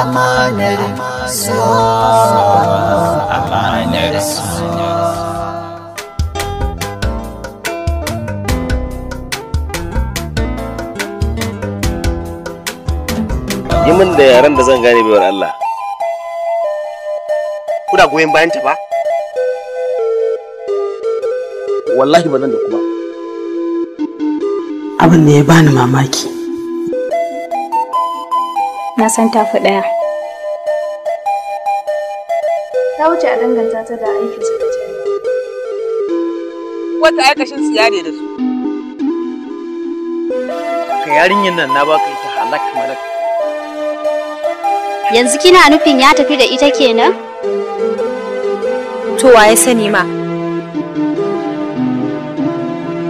amanar so amanar yi min da yaren da zan gane baiwar Allah kuna goyon bayan ta ba wallahi ba nan da kuma abin da ya bani mamaki na san tafi ɗaya ta wuce a danganta ta da aikin su da wata aikashin su yare da su ka yarinyar nan na baka ita halak malak yanzu kina nufin ya tafi da ita kenan to waye sani ma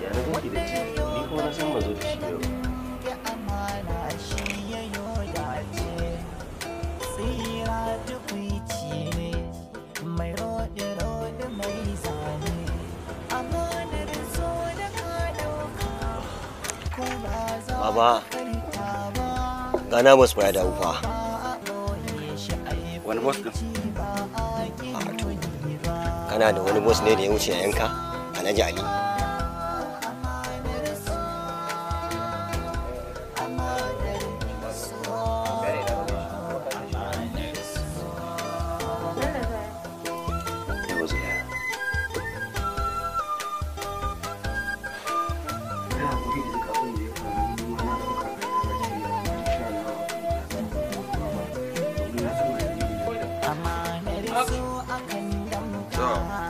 ya na da ci ni kuma na san ba zo da shi yau Baba, gana bus ya dawo fa. Wani bus din? Kana da wani bus ne da ya wuce yanka? a naji Ali. So.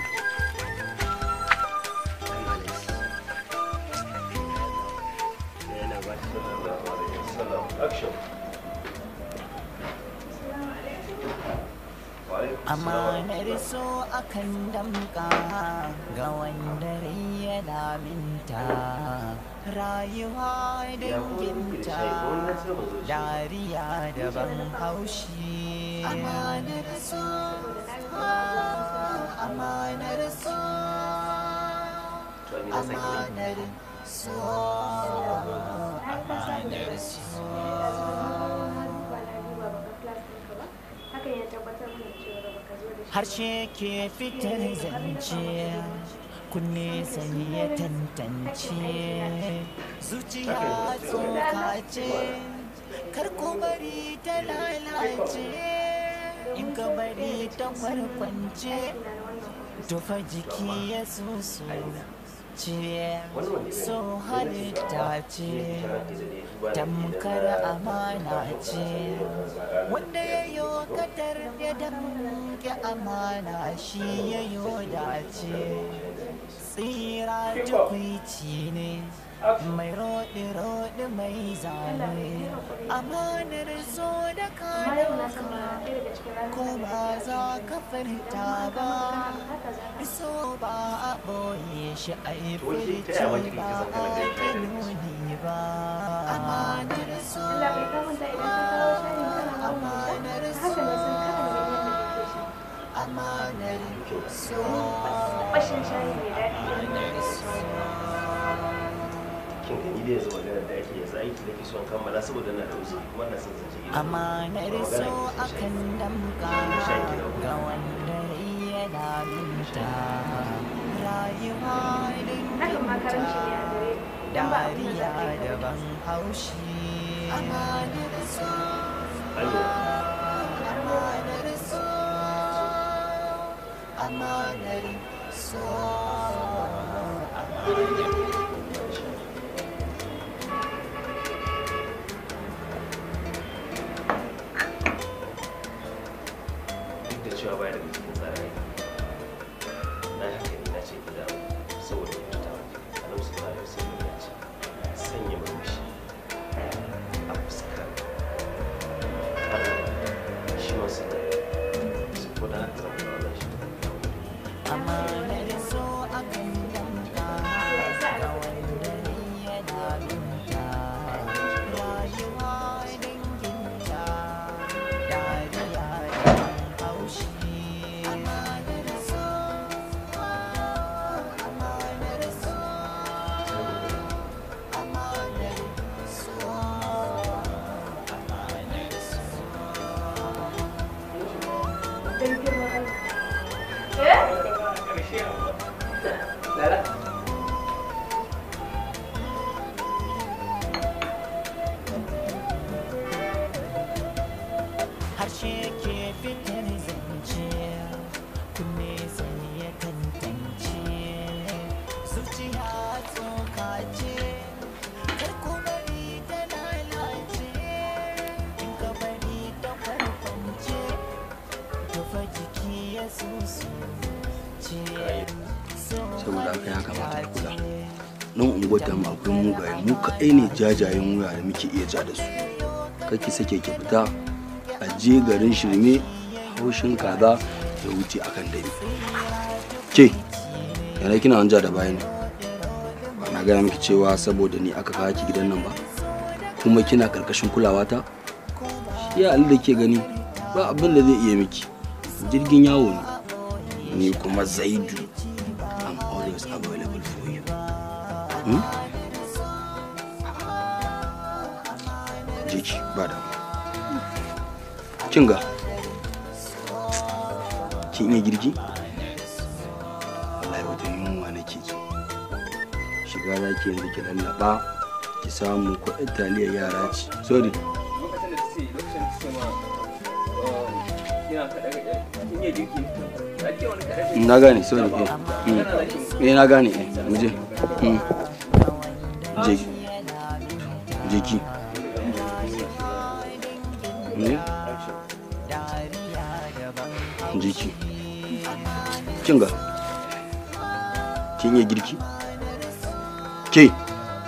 kan damka ga wanda ya laminta rayuwa dinginta, dariya ban haushi amanar amanar so amanar so amanar so harshe ke fitar zance kunne sani ya tantance zuciya tsoka ce karko bari ta lalace in ka bari ta kwarkwance tufa jiki ya soso ce so tamkar amana ce wanda ya yi kadar ya damke amana shi ya yi dace tsira tukwici ne mai roɗi roɗi mai zane da zo da ko ba za ka fahimta ba so ba a boye shi a yi furci ba a kanuni ba amanar zo amanar zo amanar so amanar so aikin ka da yanzu magana da ake kammala saboda na da kuma na son akan damka ga wanda rayuwa dariya ban haushi amma na riso amma I'm on nan unguwar mu akwai mugaye mu kaɗai ne jajayen wuya da muke iya ja da su kake sake ki fita a je garin shirme haushin kaza ya wuce akan dare ke yana kina an ja da baya ne ba na gaya miki cewa saboda ni aka kawo ki gidan nan ba kuma kina karkashin kulawa ta shi ya da ke gani ba abin da zai iya miki jirgin yawo ne ni kuma zaidu Hmm? Jiki ba da. Kin ga? Kin iya girki? Wallahi wata yunwa nake ji. Shiga za ki yanzu ki lallaɓa ki samu yara ce. Na gane, sorry. Eh, hmm. eh na gane, eh, muje. Hmm. jeki Ne? Jeki. Hmm? jiki kinga kin yi girki ke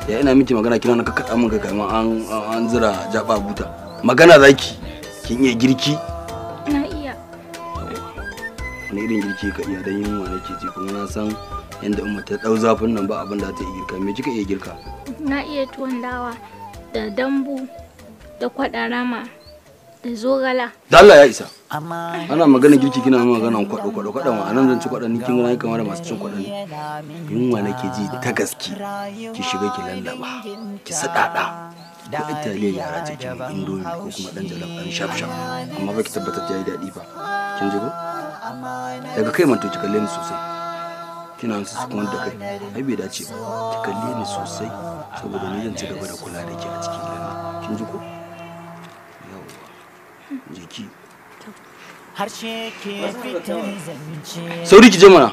ya ina miki magana kina na kakkaɗa min kai kamar an zira jaba buta magana zaki kin yi girki wani irin girki ka iya dan yunwa nake ji kuma na san yanda umma ta dau zafin nan ba abin da ta iya girka me kika iya girka na iya tuwon dawa da dambu da kwaɗa rama da zogala da Allah ya isa ana magana girki kina magana kwado-kwado kwado wa anan zan ci kwaɗan kin gani kamar masu cin ne yunwa nake ji ta gaske ki shiga ki lallaba ki sadada da italiya yara ce kin indomi ko kuma dan jalaf an shaf shaf amma baki tabbatar yayi daɗi ba kin ji ko daga kai manto ki kalle ni sosai kina nan su kuma da kai ai bai dace ba ki kalle ni sosai saboda ni zan ci gaba da kula da ke a cikin gidan kin ji ko jiki sauri ki je mana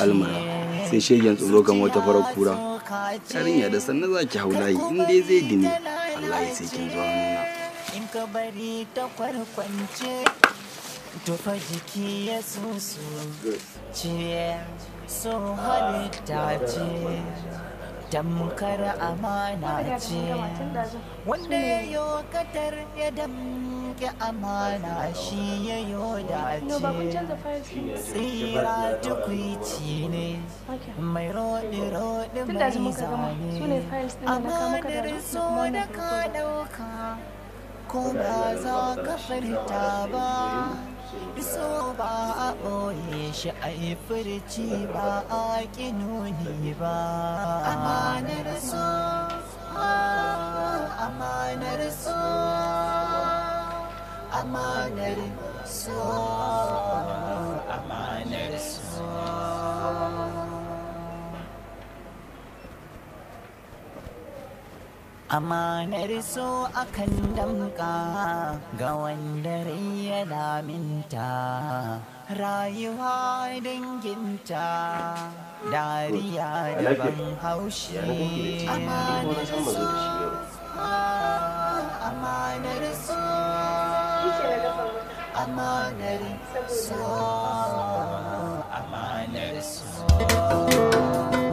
almara sai shegen tsoro kan wata farar kura Yarinya da sannan za ki yi in dai zai dini wallahi sai kin zuwa nuna. In ka bari ta kwarkwance tufa jiki ya susu ciye so halitta ce. damkar amana ce wanda ya yi katar ya damke amana shi ya yi dace tsira tukwici ne mai roɗi roɗi mai zane amanar so da ka ɗauka ko ba za ka furta ba biso ba a ɓoye shi a yi furci ba a ƙinoni ba amanar so amanar so amanar so amanar so akan damka ga wanda ya minta rayuwa danginta dariya daban haushi amanar so amanar so amanar so amanar so